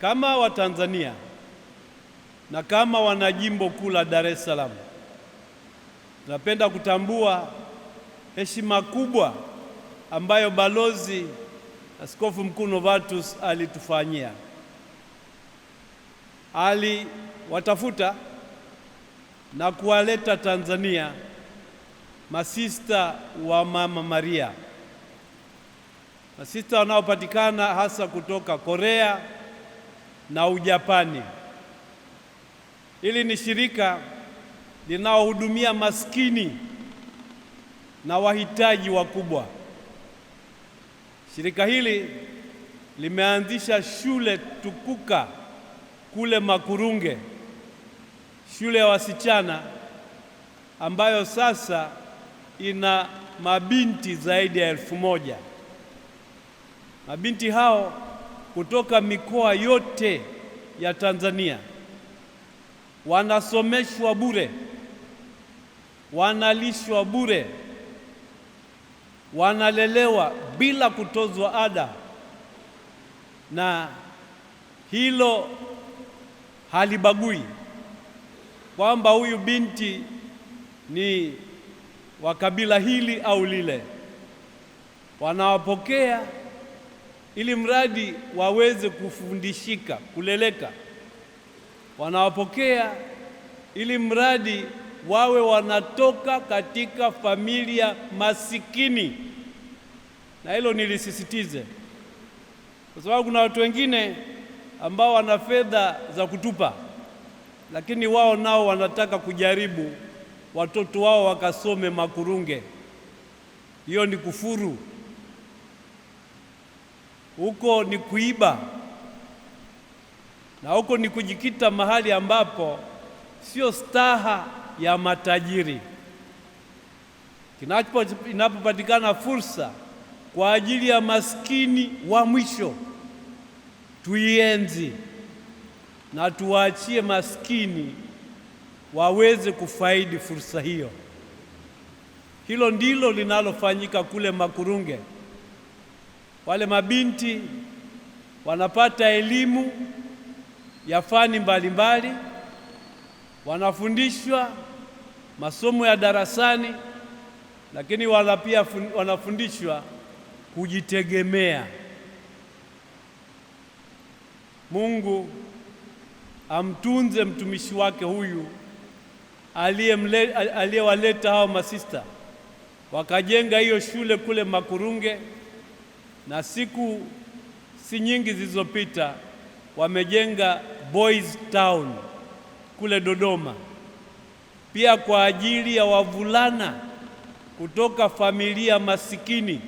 Kama Watanzania na kama wanajimbo kuu la Dar es Salaam, tunapenda kutambua heshima kubwa ambayo Balozi Askofu Mkuu Novatus alitufanyia. Aliwatafuta na kuwaleta Tanzania masista wa Mama Maria, masista wanaopatikana hasa kutoka Korea na Ujapani. Hili ni shirika linaohudumia maskini na wahitaji wakubwa. Shirika hili limeanzisha shule tukuka kule Makurunge, shule ya wasichana ambayo sasa ina mabinti zaidi ya elfu moja. Mabinti hao kutoka mikoa yote ya Tanzania wanasomeshwa bure, wanalishwa bure, wanalelewa bila kutozwa ada, na hilo halibagui kwamba huyu binti ni wa kabila hili au lile, wanawapokea ili mradi waweze kufundishika, kuleleka, wanawapokea ili mradi wawe wanatoka katika familia masikini, na hilo nilisisitize, kwa sababu kuna watu wengine ambao wana fedha za kutupa, lakini wao nao wanataka kujaribu watoto wao wakasome Makurunge. Hiyo ni kufuru huko ni kuiba, na huko ni kujikita mahali ambapo sio staha ya matajiri. Kinacho inapopatikana fursa kwa ajili ya maskini wa mwisho, tuienzi na tuwaachie maskini waweze kufaidi fursa hiyo. Hilo ndilo linalofanyika kule Makurunge wale mabinti wanapata elimu ya fani mbalimbali, wanafundishwa masomo ya darasani, lakini wana pia wanafundishwa kujitegemea. Mungu amtunze mtumishi wake huyu aliyewaleta hao masista wakajenga hiyo shule kule Makurunge na siku si nyingi zilizopita wamejenga Boys Town kule Dodoma pia kwa ajili ya wavulana kutoka familia masikini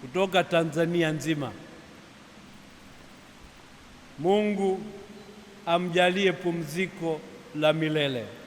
kutoka Tanzania nzima. Mungu amjalie pumziko la milele.